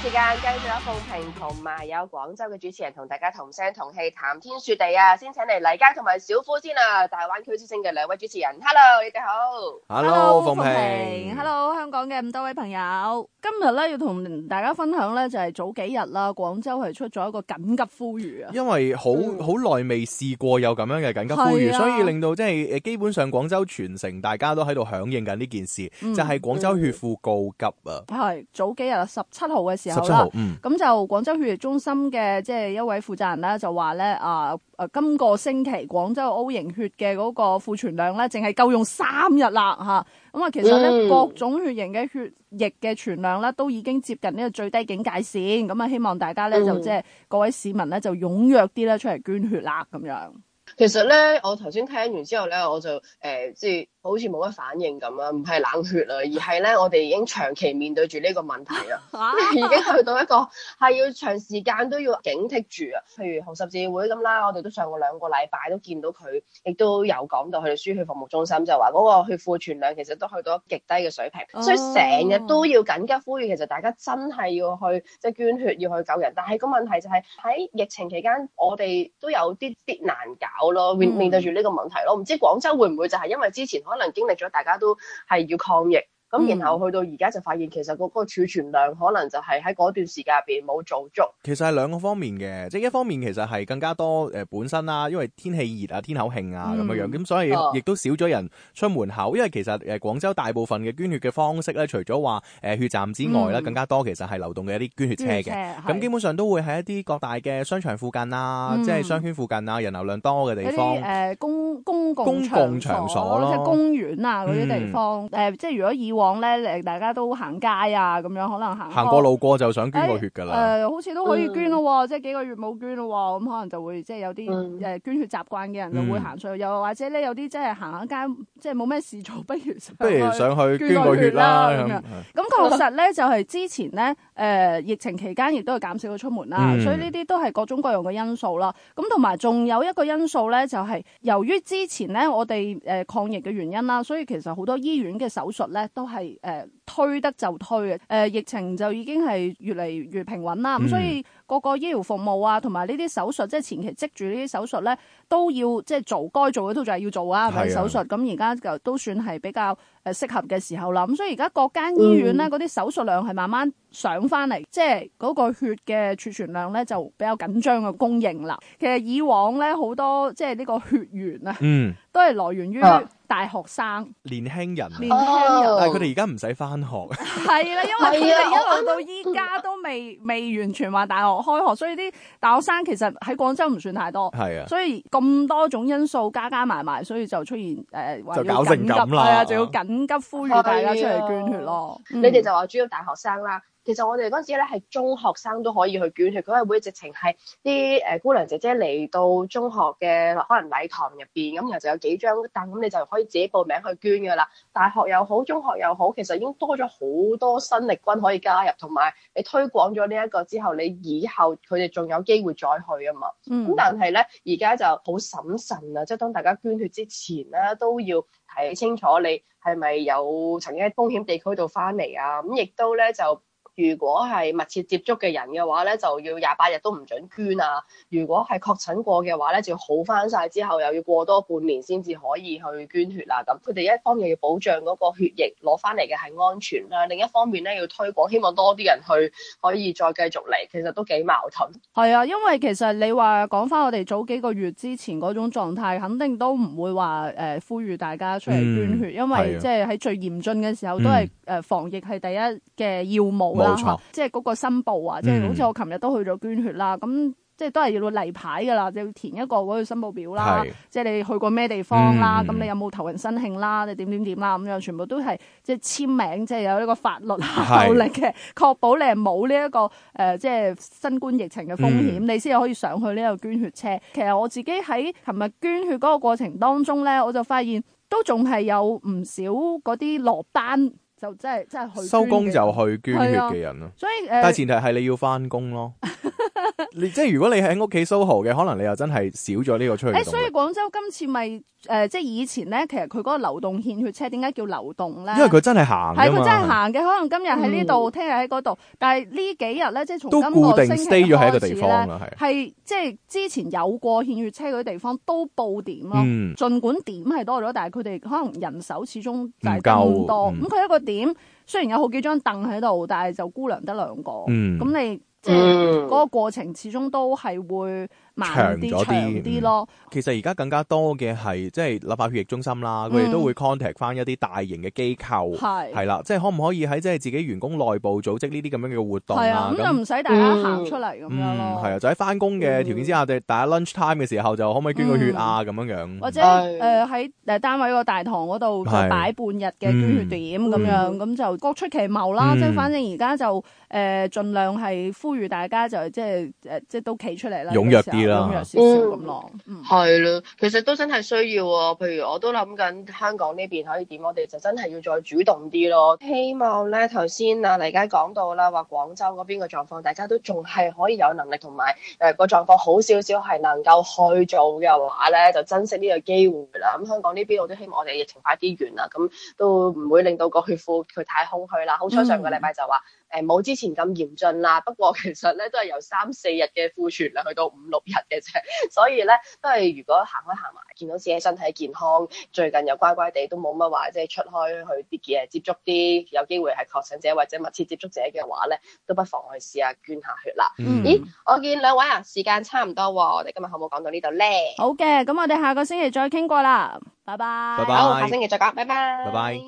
時間繼續有鳳平同埋有廣州嘅主持人同大家同聲同氣談天說地啊！先請嚟黎佳同埋小夫先啦，啊，大灣區之聲嘅兩位主持人。Hello，你哋好。Hello，鳳平。Hello，香港嘅咁多位朋友，今日咧要同大家分享咧就係、是，早幾日啦，廣州係出咗一個緊急呼籲啊！因為好好耐未試過有咁樣嘅緊急呼籲，嗯，所以令到即係基本上廣州全城大家都喺度響應緊呢件事，嗯，就係廣州血庫告急啊！係、嗯嗯、早幾日啊，十七號嘅。十七號，咁、嗯、就廣州血液中心嘅即係一位負責人咧就話咧啊，誒、呃呃、今個星期廣州 O 型血嘅嗰個庫存量咧，淨係夠用三日啦吓。咁啊，啊，其實咧、嗯、各種血型嘅血液嘅存量咧，都已經接近呢個最低警戒線。咁啊，希望大家咧、嗯、就即、就、係、是、各位市民咧就踴躍啲咧出嚟捐血啦，咁樣。其實咧，我頭先聽完之後咧，我就誒即係。呃就是好似冇乜反應咁啊，唔係冷血啊，而係咧，我哋已經長期面對住呢個問題啊， 已經去到一個係要長時間都要警惕住啊。譬如紅十字會咁啦，我哋都上過兩個禮拜都見到佢，亦都有講到佢哋輸血服務中心就話嗰個血庫存量其實都去到極低嘅水平，嗯、所以成日都要緊急呼籲，其實大家真係要去即係捐血要去救人。但係個問題就係、係、喺疫情期間，我哋都有啲啲難搞咯，面對住呢個問題咯。唔知廣州會唔會就係因為之前可能經歷咗，大家都係要抗疫。咁然後去到而家就發現，其實個個儲存量可能就係喺嗰段時間入邊冇做足。其實係兩個方面嘅，即係一方面其實係更加多誒本身啦，因為天氣熱啊、天口慶啊咁樣樣，咁所以亦都少咗人出門口。因為其實誒廣州大部分嘅捐血嘅方式咧，除咗話誒血站之外咧，更加多其實係流動嘅一啲捐血車嘅。咁基本上都會喺一啲各大嘅商場附近啊，即係商圈附近啊，人流量多嘅地方誒公公共場所咯，即公園啊嗰啲地方誒，即係如果以往咧誒，大家都行街啊，咁樣可能行行過路過就想捐個血㗎啦。誒、呃，好似都可以捐咯、哦，嗯、即係幾個月冇捐咯、哦，咁可能就會即係有啲誒、嗯呃、捐血習慣嘅人就會行上去，又、嗯、或者咧有啲即係行下街，即係冇咩事做，不如不如上去捐個血啦咁、啊、樣。咁確實咧，就係之前咧誒疫情期間亦都係減少咗出門啦，嗯、所以呢啲都係各種各樣嘅因素啦。咁同埋仲有一個因素咧，就係由於之前咧我哋誒抗疫嘅原因啦，所以其實好多醫院嘅手術咧都係誒、呃，推得就推嘅，誒、呃，疫情就已經係越嚟越平穩啦。咁、嗯、所以各個醫療服務啊，同埋呢啲手術，即係前期積住呢啲手術咧，都要即係做該做嘅，都仲係要做啊。係、啊、手術咁而家就都算係比較誒適合嘅時候啦。咁所以而家各間醫院咧，嗰啲、嗯、手術量係慢慢上翻嚟，即係嗰個血嘅儲存量咧就比較緊張嘅供應啦。其實以往咧好多即係呢個血源啊，嗯，都係來源於、嗯。啊大學生、年輕人，人、年輕人，但係佢哋而家唔使返學，係啦， 因為佢哋一路到依家，都未未完全話大學開學，所以啲大學生其實喺廣州唔算太多，係啊的，所以咁多種因素加加埋埋，所以就出現誒，呃、要緊急就緊急啦，係啊，就要緊急呼籲大家出嚟捐血咯，的嗯、你哋就話主要大學生啦。其實我哋嗰陣時咧，係中學生都可以去捐血，佢係會直情係啲誒姑娘姐姐嚟到中學嘅可能禮堂入邊，咁然後就有幾張凳，咁你就可以自己報名去捐㗎喇。大學又好，中學又好，其實已經多咗好多新力軍可以加入，同埋你推廣咗呢一個之後，你以後佢哋仲有機會再去啊嘛。咁、嗯、但係咧，而家就好審慎啊，即、就、係、係、當大家捐血之前咧，都要睇清楚你係咪有曾經喺風險地區度返嚟啊。咁亦都咧就。如果係密切接觸嘅人嘅話咧，就要廿八日都唔準捐啊！如果係確診過嘅話咧，就要好翻晒之後又要過多半年先至可以去捐血啊！咁佢哋一方面要保障嗰個血液攞翻嚟嘅係安全啦，另一方面咧要推廣，希望多啲人去可以再繼續嚟，其實都幾矛盾。係啊，因為其實你話講翻我哋早幾個月之前嗰種狀態，肯定都唔會話誒、呃、呼籲大家出嚟捐血，嗯、因為、啊、即係喺最嚴峻嘅時候都係誒防疫係第一嘅要務。冇錯，即係嗰個申報啊，即係好似我琴日都去咗捐血啦，咁即係都係要到例牌㗎喇，要填一個嗰個申報表啦，即係是你去過咩地方啦，咁、嗯啊、你有冇頭暈身㷫啦，你點點點啦，咁樣全部都係即係簽名，即係有呢個法律效力嘅，確保你係冇呢一個誒，即係新冠疫情嘅風險，是你先可以上去呢個捐血車。嗯、其實我自己喺琴日捐血嗰個過程當中咧，我就發現都仲係有唔少嗰啲落單。就即係即係去收工就去捐血嘅人咯，啊，所以誒，呃、但係前提係你要翻工咯。 你 即係如果你喺屋企 soho 嘅，可能你又真係少咗呢個出去。誒，所以廣州今次咪誒、呃，即係以前咧，其實佢嗰個流動獻血車點解叫流動咧？因為佢真係行，係佢真係行嘅。嗯、可能今日喺呢度，聽日喺嗰度，但係呢幾日咧，即係從今個星期要喺一個地方。係即係之前有過獻血車嗰啲地方都布點咯。嗯，盡管點係多咗，但係佢哋可能人手始終唔夠多。咁佢一個點雖然有好幾張凳喺度，但係就姑娘得兩個。咁、嗯嗯、你。即係嗰個過程，始終都係會。長咗啲咯，其實而家更加多嘅係即係立法血液中心啦，佢哋都會 contact 翻一啲大型嘅機構，係係啦，即係可唔可以喺即係自己員工內部組織呢啲咁樣嘅活動啊？咁就唔使大家行出嚟咁樣，嗯，係啊，就喺翻工嘅條件之下，大家 lunch time 嘅時候就可唔可以捐個血啊？咁樣樣，或者誒喺誒單位個大堂嗰度再擺半日嘅捐血點咁樣，咁就各出其謀啦。即係反正而家就誒盡量係呼籲大家就即係誒即係都企出嚟啦。踴躍啲。咁樣少少咁咯，係咯、嗯，其實都真係需要啊、哦。譬如我都諗緊香港呢邊可以點，我哋就真係要再主動啲咯。希望咧頭先啊黎佳講到啦，話廣州嗰邊嘅狀況，大家都仲係可以有能力同埋誒個狀況好少少，係能夠去做嘅話咧，就珍惜呢個機會啦。咁香港呢邊我都希望我哋疫情快啲完啦，咁都唔會令到個血庫佢太空虛啦。好彩上個禮拜就話、嗯。誒，冇之前咁嚴峻啦，不過其實咧都係由三四日嘅庫存量去到五六日嘅啫，所以咧都係如果行開行埋，見到自己身體健康，最近又乖乖地都冇乜話即係出開去啲嘢接觸啲有機會係確診者或者密切接觸者嘅話咧，都不妨去試下捐下血啦。嗯、咦，我見兩位啊，時間差唔多喎，我哋今日可唔可講到呢度咧？好嘅，咁我哋下個星期再傾過啦。拜拜。拜拜。好，下星期再講。拜拜。拜拜。